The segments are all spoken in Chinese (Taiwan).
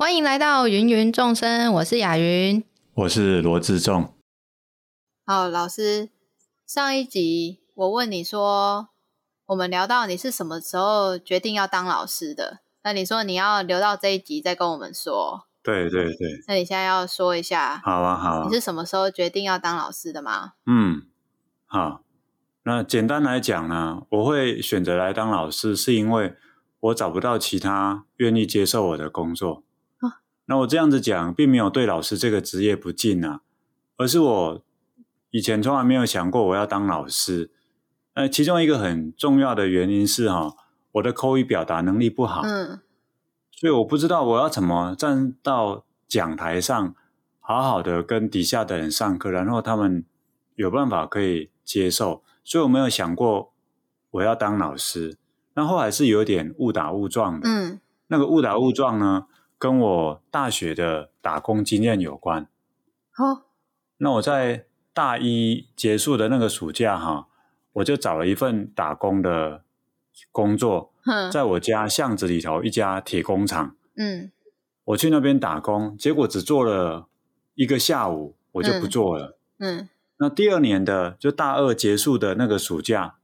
歡迎來到芸芸眾生，我是雅云，我是羅志仲。好，老師，上一集我問你說，我們聊到你是什麼時候決定要當老師的？那你說你要留到這一集再跟我們說。對對對。那你現在要說一下，好啊好啊，你是什麼時候決定要當老師的嗎？嗯，好。那簡單來講呢，我會選擇來當老師，是因為我找不到其他願意接受我的工作。那我這樣子講，並沒有對老師這個職業不敬啊，而是我以前從來沒有想過我要當老師。呃，其中一個很重要的原因是哈，哦，我的口語表達能力不好，嗯，所以我不知道我要怎麼站到講台上，好好的跟底下的人上課，然後他們有辦法可以接受，所以我沒有想過我要當老師。然後還是有點誤打誤撞的，嗯，那個誤打誤撞呢，跟我大學的打工經驗有關。好，oh. 那我在大一結束的那個暑假啊，哈，我就找了一份打工的工作，Huh. 在我家巷子裡頭一家鐵工廠。嗯，mm. 我去那邊打工，結果只做了一個下午，我就不做了。嗯，mm. mm. 那第二年的，就大二結束的那個暑假，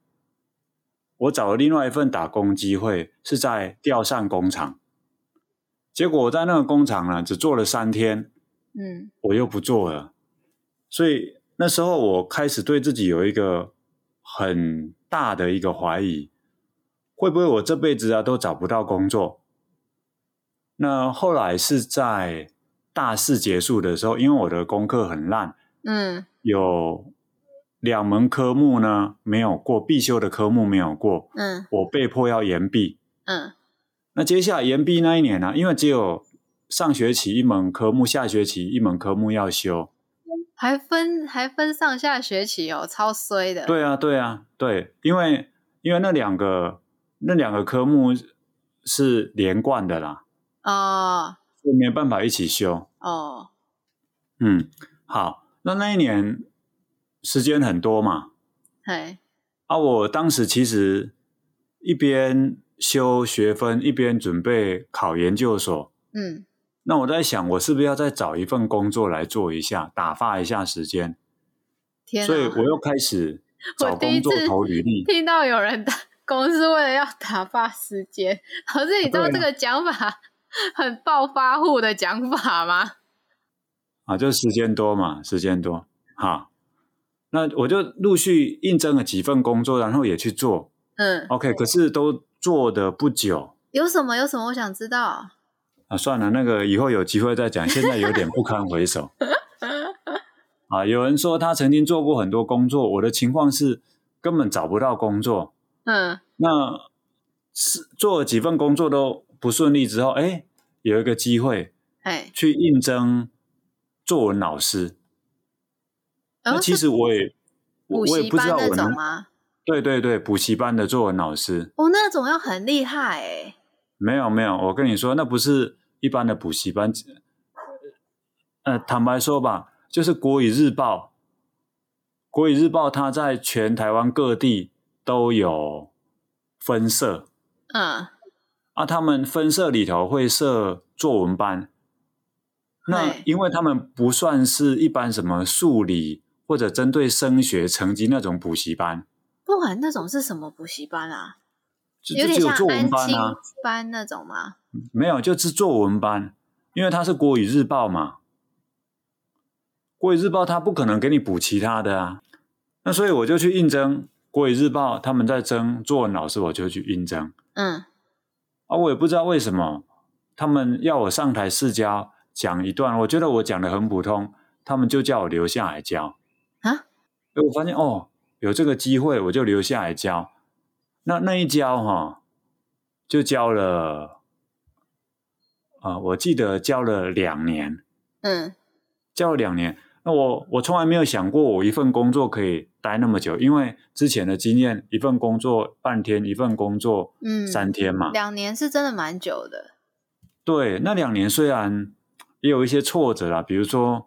我找了另外一份打工機會，是在吊扇工廠。結果我在那個工廠呢，只做了三天，嗯，我又不做了，所以那時候我開始對自己有一個很大的一個懷疑，會不會我這輩子啊都找不到工作？那後來是在大四結束的時候，因為我的功課很爛，嗯，有兩門科目呢沒有過，必修的科目沒有過，嗯，我被迫要延畢，嗯。那接下來延畢那一年呢、啊？因為只有上學期一門科目，下學期一門科目要修，還分還分上下學期哦，超衰的。對啊，對啊，對，因為因為那兩個那兩個科目是連貫的啦，啊，oh. 就沒辦法一起修哦。Oh. 嗯，好，那那一年時間很多嘛，嘿，Hey. 啊，我當時其實一邊，修學分，一邊準備考研究所。嗯，那我在想，我是不是要再找一份工作來做一下，打發一下時間？天啊，所以我又開始找工作投履歷。我第一次聽到有人打工是為了要打發時間，可是你知道這個講法很暴發戶的講法嗎？啊，就是時間多嘛，時間多。好，那我就陸續應徵了幾份工作，然後也去做。嗯，OK，可是都。做得不久，有什麼？有什麼？我想知道。啊，算了，那個以後有機會再講。現在有點不堪回首。 啊，有人說他曾經做過很多工作，我的情況是根本找不到工作。嗯，那是做了幾份工作都不順利之後，哎、欸，有一個機會，去應徵作文老師。欸、那其實我也，我也不知道我能對對對，補習班的作文老師哦，那種要很厲害哎、欸。沒有沒有，我跟你說，那不是一般的補習班。呃，坦白說吧，就是國語日報，國語日報它在全台灣各地都有分社。嗯。啊，他們分社裡頭會設作文班，嗯、那因為他們不算是一般什麼數理或者針對升學成績那種補習班。不管那種是什麼補習班啊，就只有作文班啊。有點像安親班那種嗎？沒有，就是作文班，因為它是國語日報嘛。國語日報它不可能給你補其他的啊。那所以我就去應徵國語日報，他們在徵作文老師，我就去應徵。嗯。啊，我也不知道為什麼他們要我上台試教講一段，我覺得我講得很普通，他們就叫我留下來教。啊？哎，我發現哦。有這個機會，我就留下來教。那那一教哈、哦，就教了啊！我記得教了兩年，嗯，教了兩年。那我我從來沒有想過，我一份工作可以待那麼久，因為之前的經驗，一份工作半天，一份工作嗯三天嘛、嗯。兩年是真的蠻久的。對，那兩年雖然也有一些挫折啦，比如說，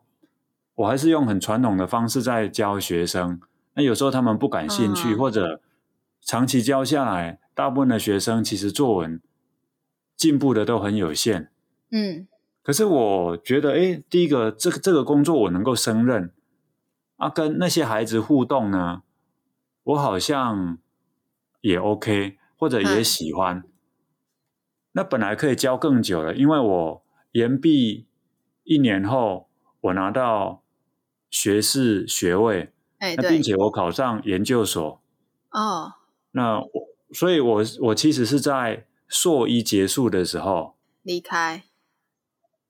我還是用很傳統的方式在教學生。那有時候他們不感興趣，uh huh. 或者長期教下來，大部分的學生其實作文進步的都很有限。嗯、uh，huh. 可是我覺得，哎、欸，第一個，這個這個工作我能夠勝任啊，跟那些孩子互動呢，我好像也 OK，或者也喜歡。Uh huh. 那本來可以教更久的，因為我延畢一年後，我拿到學士學位。那並且我考上研究所哦，那我所以我，我我其實是在碩一結束的時候離開，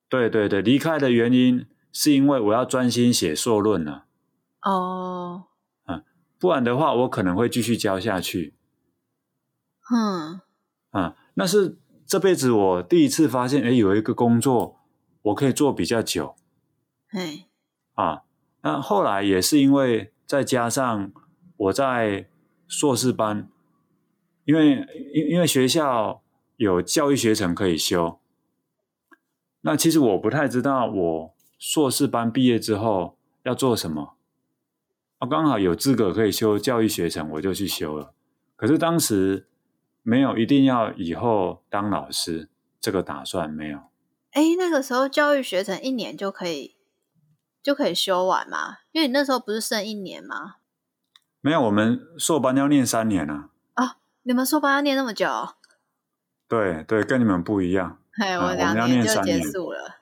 對對對，離開的原因是因為我要專心寫碩論了哦，嗯、啊，不然的話我可能會繼續教下去，嗯，啊，那是這輩子我第一次發現，哎，有一個工作我可以做比較久，哎嘿，啊，那後來也是因為。再加上我在碩士班，因為因因為學校有教育學程可以修，那其實我不太知道我碩士班畢業之後要做什麼，我剛好有資格可以修教育學程，我就去修了。可是當時沒有一定要以後當老師，這個打算沒有。誒，那個時候教育學程一年就可以。就可以修完嗎？因為你那時候不是剩一年嗎？沒有，我們碩班要念三年呢、啊。啊，你們碩班要念那麼久？對對，跟你們不一樣。哎，我們兩年、呃、我們要念三年就結束了。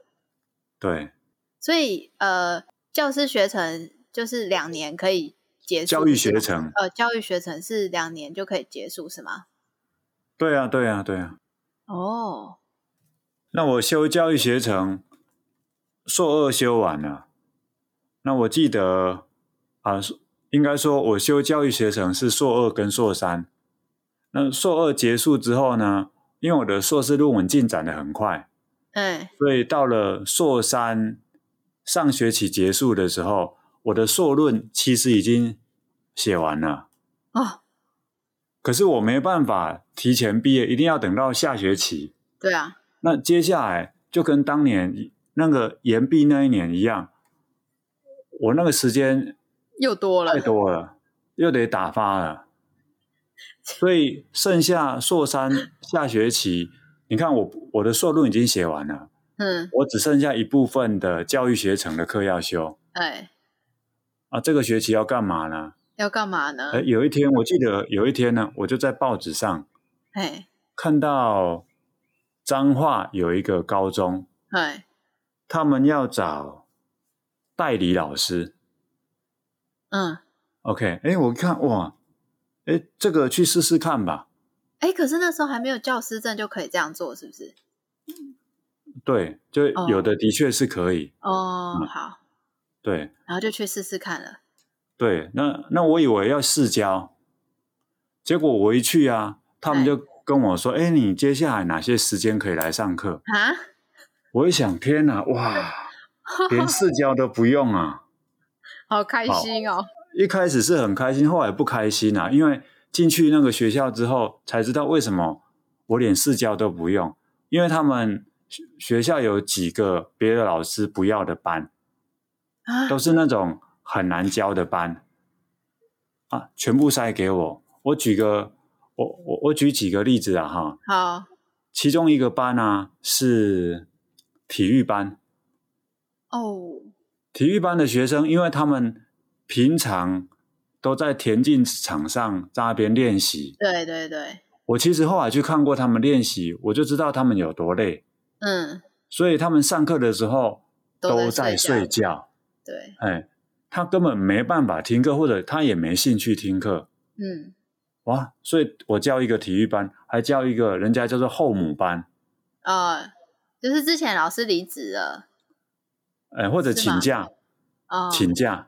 對。所以呃，教師學程就是兩年可以結束。教育學程？呃，教育學程是兩年就可以結束，是嗎？對啊，對啊，對啊。哦。那我修教育學程，碩二修完了。那我記得啊，應該說我修教育學程是碩二跟碩三。那碩二結束之後呢，因為我的碩士論文進展得很快，哎，所以到了碩三上學期結束的時候，我的碩論其實已經寫完了。哦，可是我沒辦法提前畢業，一定要等到下學期。對啊。那接下來就跟當年那個延畢那一年一樣。我那個時間又多了，太多了，又得打發了。所以剩下碩三下學期， 你看我我的碩論已經寫完了，嗯，我只剩下一部分的教育學程的課要修。哎，啊，這個學期要幹嘛呢？要幹嘛呢？哎，有一天我記得有一天呢，我就在報紙上，哎，看到彰化有一個高中，哎，他們要找。代理老師，嗯，OK，哎、欸，我看哇，哎、欸，這個去試試看吧。哎、欸，可是那時候還沒有教師證就可以這樣做，是不是？對，就有的的確是可以。哦，嗯、哦，好。對，然後就去試試看了。對，那那我以為要試教，結果我一去啊，他們就跟我說：“哎、欸欸，你接下來哪些時間可以來上課？”啊，我一想，天哪，哇！ 連試教都不用啊，好開心哦！一開始是很開心，後來不開心啊，因為進去那個學校之後才知道為什麼我連試教都不用，因為他們學校有幾個別的老師不要的班，啊、都是那種很難教的班啊，全部塞給我。我舉個我我我舉幾個例子啊，哈，好，其中一個班呢、啊、是體育班。哦，oh, 體育班的學生，因為他們平常都在田徑場上在那邊練習。對對對，我其實後來去看過他們練習，我就知道他們有多累。嗯，所以他們上課的時候都在睡覺。睡覺對，哎，他根本沒辦法聽課，或者他也沒興趣聽課。嗯，哇，所以我教一個體育班，還教一個人家叫做後母班。啊、呃，就是之前老師離職了。哎、呃，或者請假，啊，哦、請假，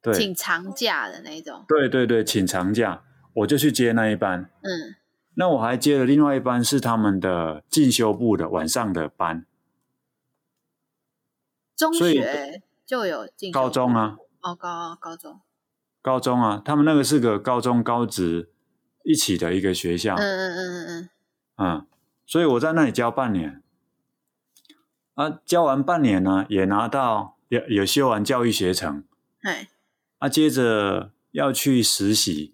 對，請長假的那種。對對對，請長假，我就去接那一班。嗯，那我還接了另外一班，是他們的進修部的晚上的班。中學就有進修，高中啊？哦、高、啊、高中，高中啊，他們那個是個高中高職一起的一個學校。嗯嗯嗯嗯嗯。嗯，嗯，嗯，嗯，所以我在那裡教半年。啊，教完半年呢，也拿到也也修完教育學程，嘿啊，接着要去實習，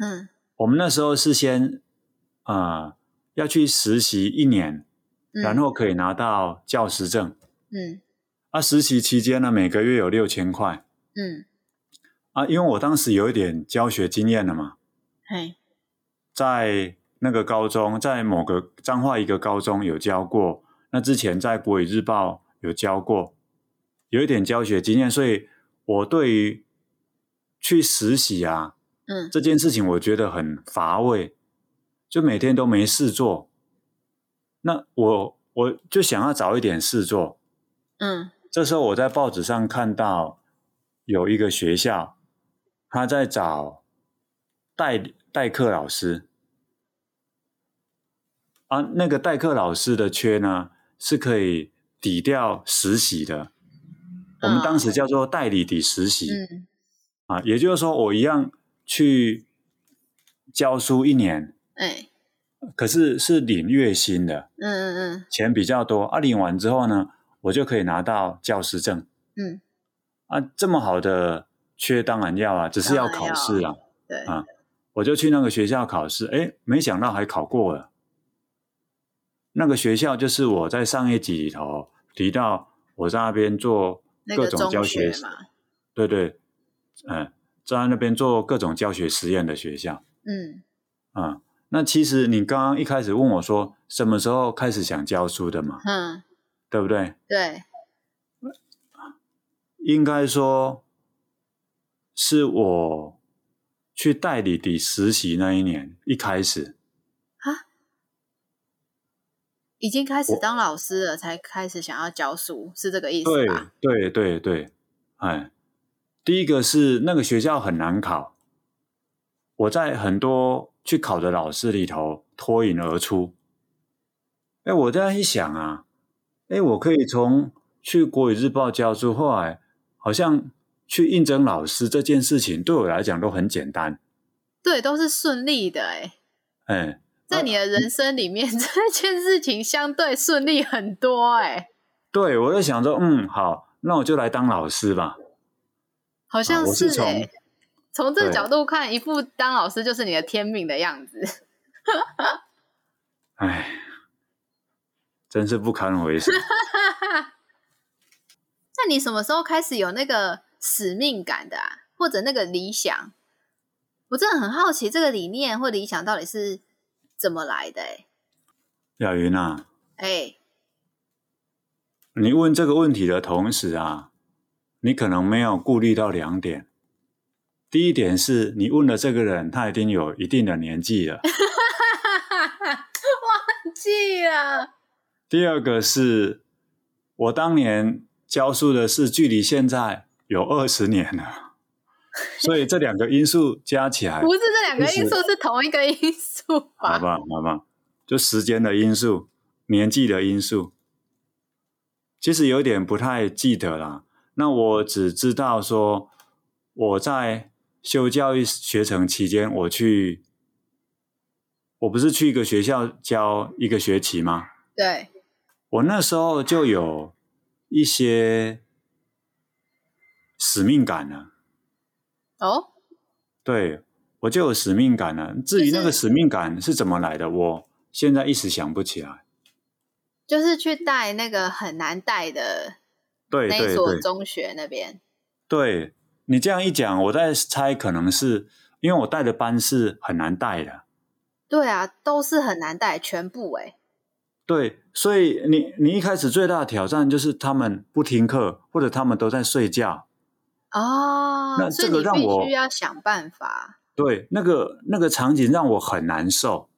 嗯，我們那時候是先啊、呃、要去實習一年，然後可以拿到教師證，嗯，啊，實習期間呢，每個月有六千塊，嗯，啊，因為我當時有一點教學經驗了嘛，嘿，在那個高中，在某個彰化一個高中有教過。那之前在國語日報有教過，有一點教學經驗，所以我對於去實習啊，嗯，這件事情我覺得很乏味，就每天都沒事做。那我我就想要找一點事做，嗯，這時候我在報紙上看到有一個學校，他在找代代課老師，啊，那個代課老師的缺呢，啊。是可以抵掉實習的，oh, okay. 我們當時叫做代理抵實習，嗯、啊，也就是說我一樣去教書一年，哎、可是是領月薪的，嗯嗯嗯，錢比較多啊，領完之後呢，我就可以拿到教師證，嗯，啊，這麼好的缺當然要啊，只是要考試了要啊，我就去那個學校考試，哎，沒想到還考過了。那個學校就是我在上一集裡頭提到，我在那邊做各種教學，中學嘛，對對，嗯，在那邊做各種教學實驗的學校，嗯啊、嗯，那其實你剛剛一開始問我說什麼時候開始想教書的嘛，嗯，對不對？對，應該說是我去代理的實習那一年一開始。已經開始當老師了，我才開始想要教書，是這個意思吧？對對對對，哎，第一個是那個學校很難考，我在很多去考的老師裡頭脫穎而出。哎，我這樣一想啊，哎，我可以從去國語日報教書，後來、哎、好像去應徵老師這件事情，對我來講都很簡單，對，都是順利的，哎、哎。在你的人生裡面，啊、這件事情相對順利很多哎、欸。對，我就想說，嗯，好，那我就來當老師吧。好像是哎、欸，從、啊、這個角度看，對一副當老師就是你的天命的樣子。哎， 真是不堪回首。 那你什麼時候開始有那個使命感的、啊，或者那個理想？我真的很好奇，這個理念或理想到底是。怎麼來的？啊、哎，亞雲吶，哎，你問這個問題的同時啊，你可能沒有顧慮到兩點。第一點是你問的這個人，他已經有一定的年紀了。 忘記了。第二個是我當年教書的事，距離現在有二十年了。 所以這兩個因素加起來，不是這兩個因素、就是、是同一個因素吧？好吧，好吧，就時間的因素、年紀的因素，其實有點不太記得了。那我只知道說，我在修教育學程期間，我去，我不是去一個學校教一個學期嗎？對，我那時候就有一些使命感了、啊。哦，對，我就有使命感了。至於那個使命感是怎麼來的，就是、我現在一時想不起來。就是去帶那個很難帶的，那所中學那邊。對，對，對，對你這樣一講，我在猜，可能是因為我帶的班是很難帶的。對啊，都是很難帶，全部誒。對，所以你你一開始最大的挑戰就是他們不聽課，或者他們都在睡覺。哦，那這個讓我需要想辦法。對，那個那個場景讓我很難受，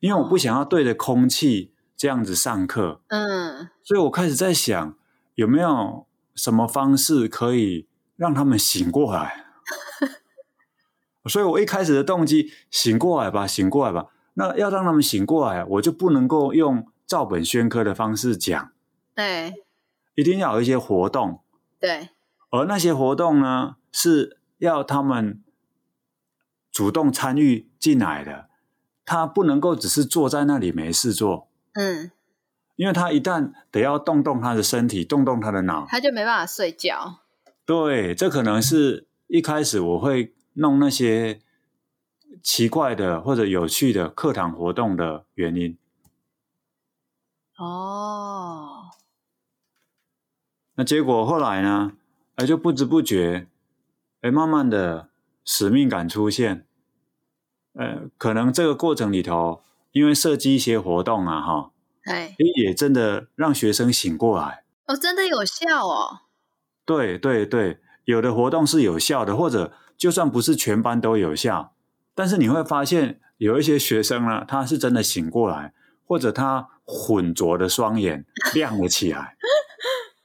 因為我不想要對着空氣這樣子上課。嗯，所以我開始在想有沒有什麼方式可以讓他們醒過來。 所以我一開始的動機，醒過來吧，醒過來吧。那要讓他們醒過來，我就不能夠用照本宣科的方式講。對、欸，一定要有一些活動。對。而那些活動呢，是要他們主動參與進來的，他不能夠只是坐在那裡沒事做。嗯，因為他一旦得要動動他的身體，動動他的腦，他就沒辦法睡覺。對，這可能是一開始我會弄那些奇怪的或者有趣的課堂活動的原因。哦，那結果後來呢？就不知不覺，哎，慢慢的使命感出現，呃，可能這個過程裡頭，因為設計一些活動啊，哈、哎，也真的讓學生醒過來，哦，真的有效哦，對對對，有的活動是有效的，或者就算不是全班都有效，但是你會發現有一些學生呢，他是真的醒過來，或者他渾濁的雙眼亮了起來。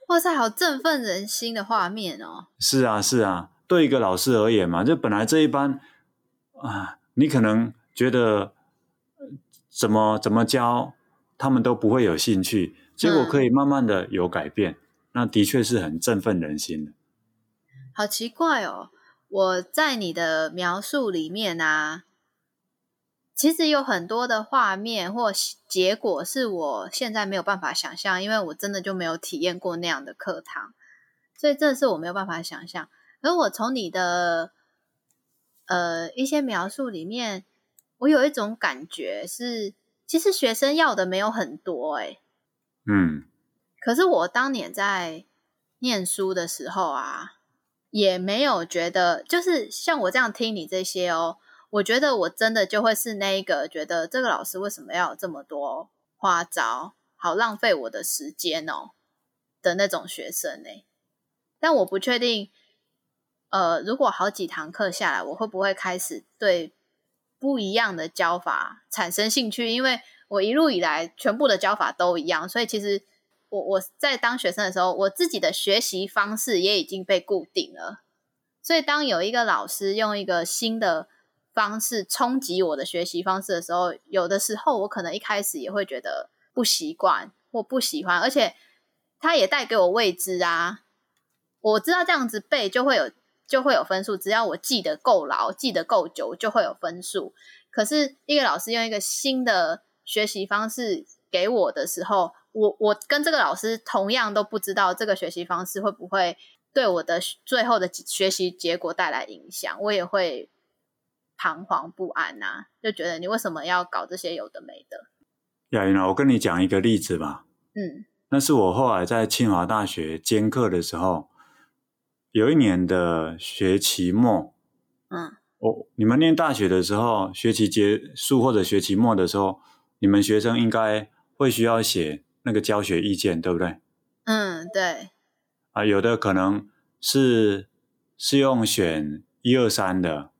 哇塞，好振奮人心的畫面哦！是啊，是啊，對一個老師而言嘛，就本來這一班啊，你可能覺得，呃，怎麼怎麼教他們都不會有興趣，結果可以慢慢的有改變，嗯，那的確是很振奮人心的。好奇怪哦，我在你的描述裡面啊。其實有很多的畫面或結果是我現在沒有辦法想象因為我真的就沒有體驗過那樣的課堂，所以這是我沒有辦法想象而我從你的呃一些描述裡面，我有一種感覺是，其實學生要的沒有很多誒，欸，嗯。可是我當年在念書的時候啊，也沒有覺得，就是像我這樣聽你這些哦。我覺得我真的就會是那一個覺得這個老師為什麼要有這麼多花招，好浪費我的時間哦的那種學生呢、哎？但我不確定，呃，如果好幾堂課下來，我會不會開始對不一樣的教法產生興趣？因為我一路以來全部的教法都一樣，所以其實我我在當學生的時候，我自己的學習方式也已經被固定了。所以當有一個老師用一個新的方式衝擊我的學習方式的時候，有的時候我可能一開始也會覺得不習慣或不喜歡，而且它也帶給我未知啊。我知道這樣子背就會有就會有分數，只要我記得夠牢、記得夠久，就會有分數。可是，一個老師用一個新的學習方式給我的時候，我我跟這個老師同樣都不知道這個學習方式會不會對我的最後的學習結果帶來影響，我也會。彷徨不安吶、啊，就覺得你為什麼要搞這些有的沒的？亞云啊，我跟你講一個例子吧。嗯。那是我後來在清華大學兼課的時候，有一年的學期末。嗯。我你們念大學的時候，學期結束或者學期末的時候，你們學生應該會需要寫那個教學意見，對不對？嗯，對。啊，有的可能是是用選一二三的。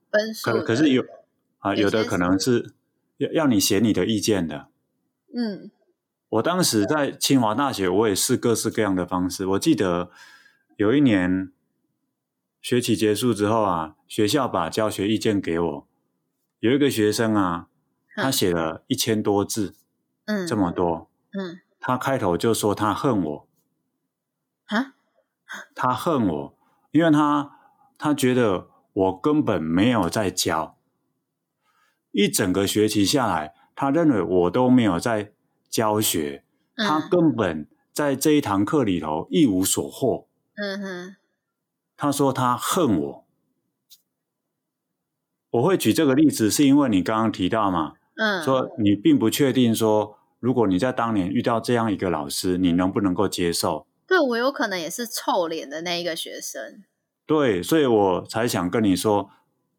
可可是有啊，有的可能是要要你寫你的意見的。嗯，我當時在清華大學，我也試各式各樣的方式。我記得有一年學期結束之後啊，學校把教學意見給我，有一個學生啊，他寫了一千多字，嗯，這麼多，嗯，他開頭就說他恨我，啊，哈，他恨我，因為他他覺得。我根本沒有在教，一整個學期下來，他認為我都沒有在教學，嗯、他根本在這一堂課裡頭一無所獲。嗯哼，他說他恨我。我會舉這個例子，是因為你剛剛提到嘛，嗯，說你並不確定說，如果你在當年遇到這樣一個老師，你能不能夠接受？對，我有可能也是臭臉的那一個學生。對，所以我才想跟你說，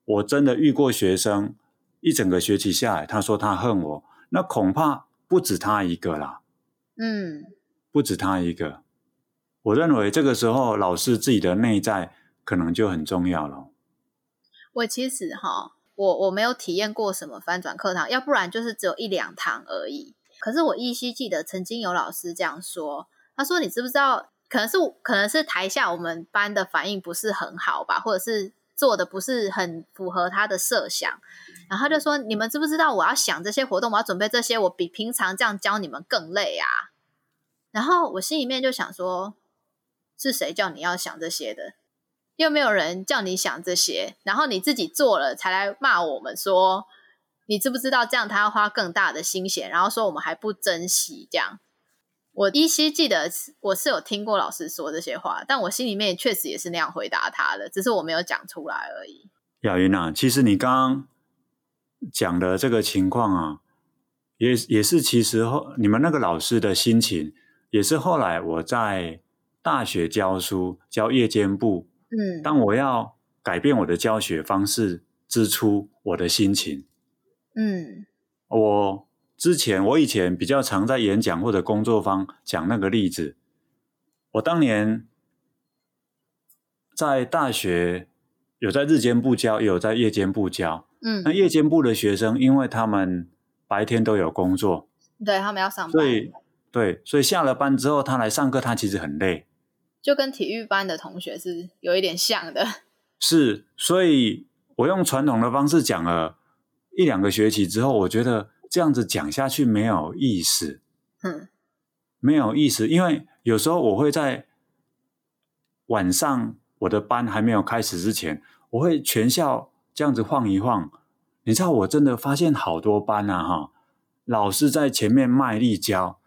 我真的遇過學生，一整個學期下來，他說他恨我，那恐怕不止他一個啦。嗯，不止他一個。我認為這個時候老師自己的內在可能就很重要了。我其實哈，我我沒有體驗過什麼翻轉課堂，要不然就是只有一兩堂而已。可是我依稀記得曾經有老師這樣說，他說：“你知不知道？”可能是可能是台下我們班的反應不是很好吧，或者是做的不是很符合他的設想，然後他就說，你們知不知道我要想這些活動，我要準備這些，我比平常這樣教你們更累啊。然後我心裡面就想說，是誰叫你要想這些的？又沒有人叫你想這些，然後你自己做了才來罵我們說，你知不知道這樣他要花更大的心血，然後說我們還不珍惜這樣。我依稀記得我是有聽過老師說這些話，但我心裡面確實也是那樣回答他的，只是我沒有講出來而已。亞雲吶、啊，其實你剛剛講的這個情況啊，也也是其實後你們那個老師的心情，也是後來我在大學教書教夜間部，嗯，當我要改變我的教學方式之初，之初我的心情，嗯，我。之前我以前比較常在演講或者工作坊講那個例子。我當年在大學有在日間部教，也有在夜間部教。嗯。那夜間部的學生，因為他們白天都有工作，對，他們要上班。對對，所以下了班之後，他來上課，他其實很累。就跟體育班的同學是有一點像的。是，所以我用傳統的方式講了一兩個學期之後，我覺得。這樣子講下去沒有意思，嗯，沒有意思。因為有時候我會在晚上我的班還沒有開始之前，我會全校這樣子晃一晃。你知道，我真的發現好多班啊，哈，老師在前面賣力教，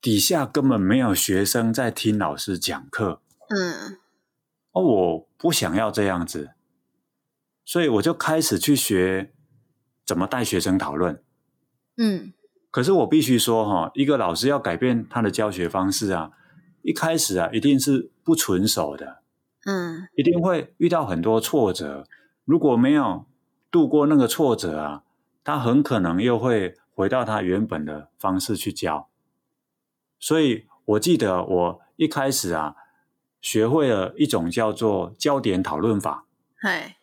底下根本沒有學生在聽老師講課。嗯，哦，我不想要這樣子，所以我就開始去學怎麼帶學生討論。嗯，可是我必須說哈，一個老師要改變他的教學方式啊，一開始啊，一定是不純熟的，嗯，一定會遇到很多挫折。如果沒有度過那個挫折啊，他很可能又會回到他原本的方式去教。所以我記得我一開始啊，學會了一種叫做焦點討論法，嗨嘿，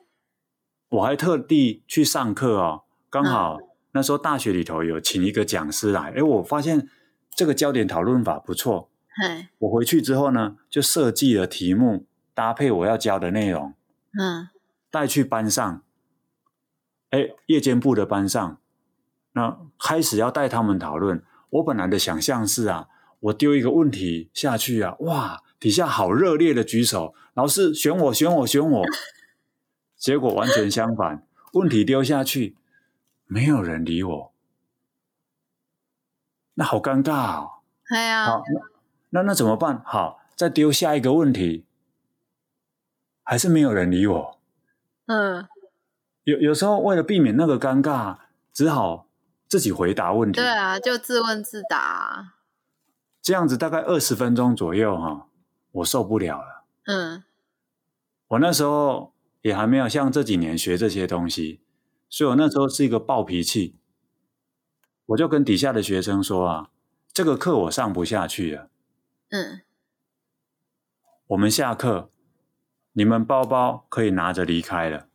我還特地去上課哦，剛好、嗯。那時候大學裡頭有請一個講師來，哎，我發現這個焦點討論法不錯。嘿我回去之後呢，就設計了題目，搭配我要教的內容。嗯，帶去班上，哎，夜間部的班上，那開始要帶他們討論。我本來的想象是啊，我丟一個問題下去啊，哇，底下好熱烈的舉手，老師選我，選我，選我。選我 結果完全相反，問題丢下去。沒有人理我，那好尷尬哦。哎呀、啊，好，那那那怎麼辦？好，再丟下一個問題，還是沒有人理我。嗯，有有時候為了避免那個尷尬，只好自己回答問題。對啊，就自問自答。這樣子大概二十分鐘左右哈，哦，我受不了了。嗯，我那時候也還沒有像這幾年學這些東西。所以我那時候是一個暴脾氣，我就跟底下的學生說啊，這個課我上不下去了，嗯，我們下課，你們包包可以拿着離開了。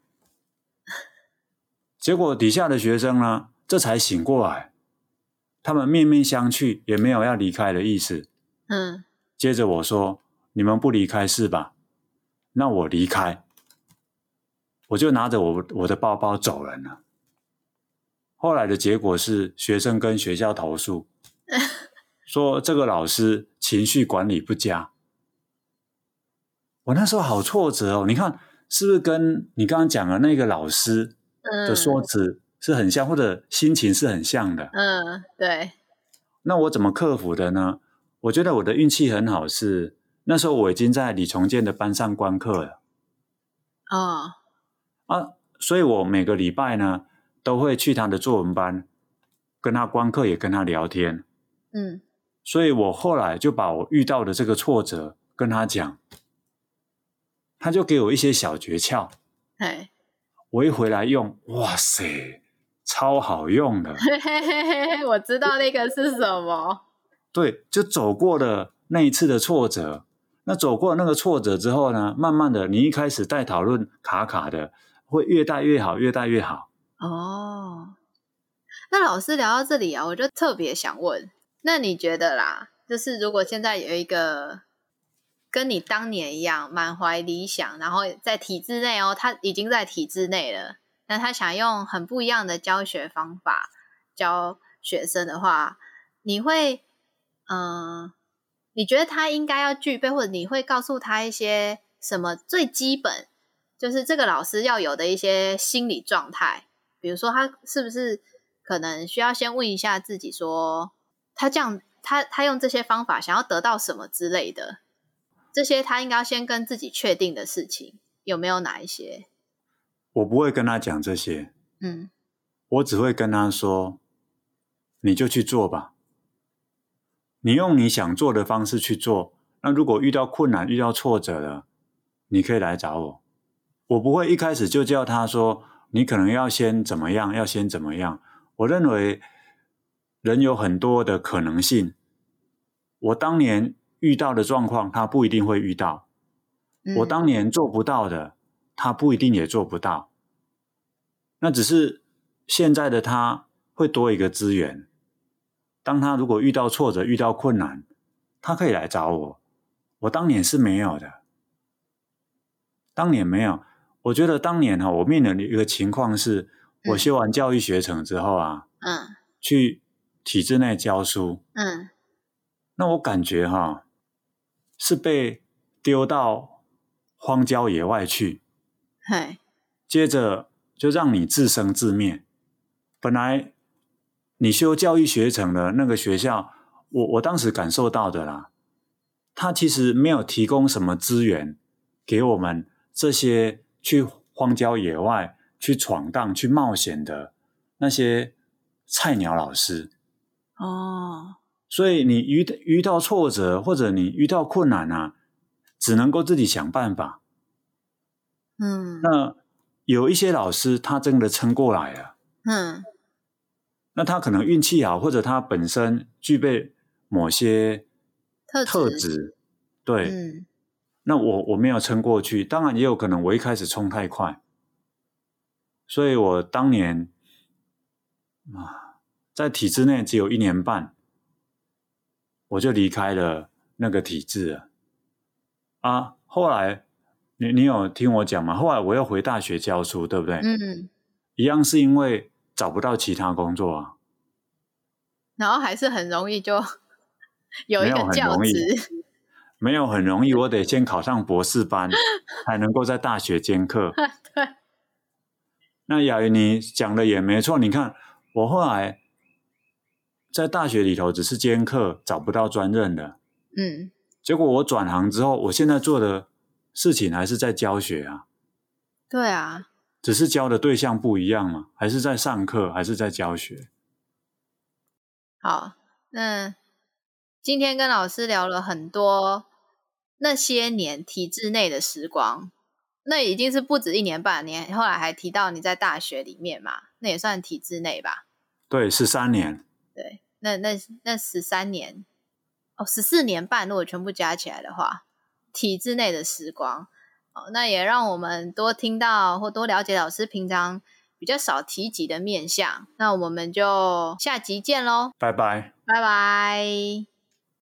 結果底下的學生呢，這才醒過來，他們面面相覷，也沒有要離開的意思，嗯。接着我說，你們不離開是吧？那我離開。我就拿着我我的包包走人了呢。後來的結果是，學生跟學校投訴， 說這個老師情緒管理不佳。我那時候好挫折哦！你看是不是跟你剛剛講的那個老師的說辭是很像，嗯、或者心情是很像的？嗯，對。那我怎麼克服的呢？我覺得我的運氣很好是，是那時候我已經在李崇建的班上觀課了。哦。啊，所以我每個禮拜呢都會去他的作文班，跟他觀課，也跟他聊天。嗯，所以我後來就把我遇到的這個挫折跟他講，他就給我一些小訣竅。哎嘿，我一回來用，哇塞，超好用的。嘿嘿嘿嘿，我知道那個是什麼。對，就走過了那一次的挫折。那走過那個挫折之後呢，慢慢的，你一開始帶討論卡卡的。會越大越好，越大越好。哦，那老師聊到這裡啊，我就特別想問，那你覺得啦，就是如果現在有一個跟你當年一樣滿懷理想，然後在體制內哦，他已經在體制內了，那他想用很不一樣的教學方法教學生的話，你會，嗯、呃，你覺得他應該要具備，或者你會告訴他一些什麼最基本？就是這個老師要有的一些心理狀態，比如說他是不是可能需要先問一下自己說，說他這樣他他用這些方法想要得到什麼之類的，這些他應該要先跟自己確定的事情有沒有哪一些我不會跟他講這些，嗯，我只會跟他說，你就去做吧，你用你想做的方式去做。那如果遇到困難、遇到挫折了，你可以來找我。我不會一開始就叫他說：“你可能要先怎麼樣，要先怎麼樣。”我認為人有很多的可能性。我當年遇到的狀況，他不一定會遇到；我當年做不到的，他不一定也做不到。那只是現在的他會多一個資源。當他如果遇到挫折、遇到困難，他可以來找我。我當年是沒有的，當年沒有。我覺得當年哈，我面臨的一個情況是，我修完教育學程之後啊，嗯，去體制內教書，嗯，那我感覺哈，是被丟到荒郊野外去，哎，接着就讓你自生自滅。本來你修教育學程的那個學校，我我當時感受到的啦，他其實沒有提供什麼資源給我們這些。去荒郊野外去闖蕩去冒險的那些菜鳥老師哦，所以你遇遇到挫折或者你遇到困難啊，只能夠自己想辦法。嗯，那有一些老師他真的撐過來了啊，嗯，那他可能運氣好，或者他本身具備某些特質特質，對，嗯那我我沒有撐過去，當然也有可能我一開始衝太快，所以我當年在體制內只有一年半，我就離開了那個體制了。啊，後來你你有聽我講嗎？後來我又回大學教書，對不對？嗯，一樣是因為找不到其他工作啊。然後還是很容易就有一個教職。沒有很容易，我得先考上博士班，才 能夠在大學兼課。 對。那雅雲，你講的也沒錯。你看，我後來在大學裡頭只是兼課，找不到專任的。嗯。結果我轉行之後，我現在做的事情還是在教學啊。對啊。只是教的對象不一樣嘛，還是在上課，還是在教學。好，那今天跟老師聊了很多。那些年體制內的時光，那已經是不止一年半年。後來還提到你在大學裡面嘛，那也算體制內吧？對，十三年。對，那那那十三年，哦，十四年半，如果全部加起來的話，體制內的時光，哦，那也讓我們多聽到或多了解老師平常比較少提及的面向。那我們就下集見嘍，拜拜，拜拜。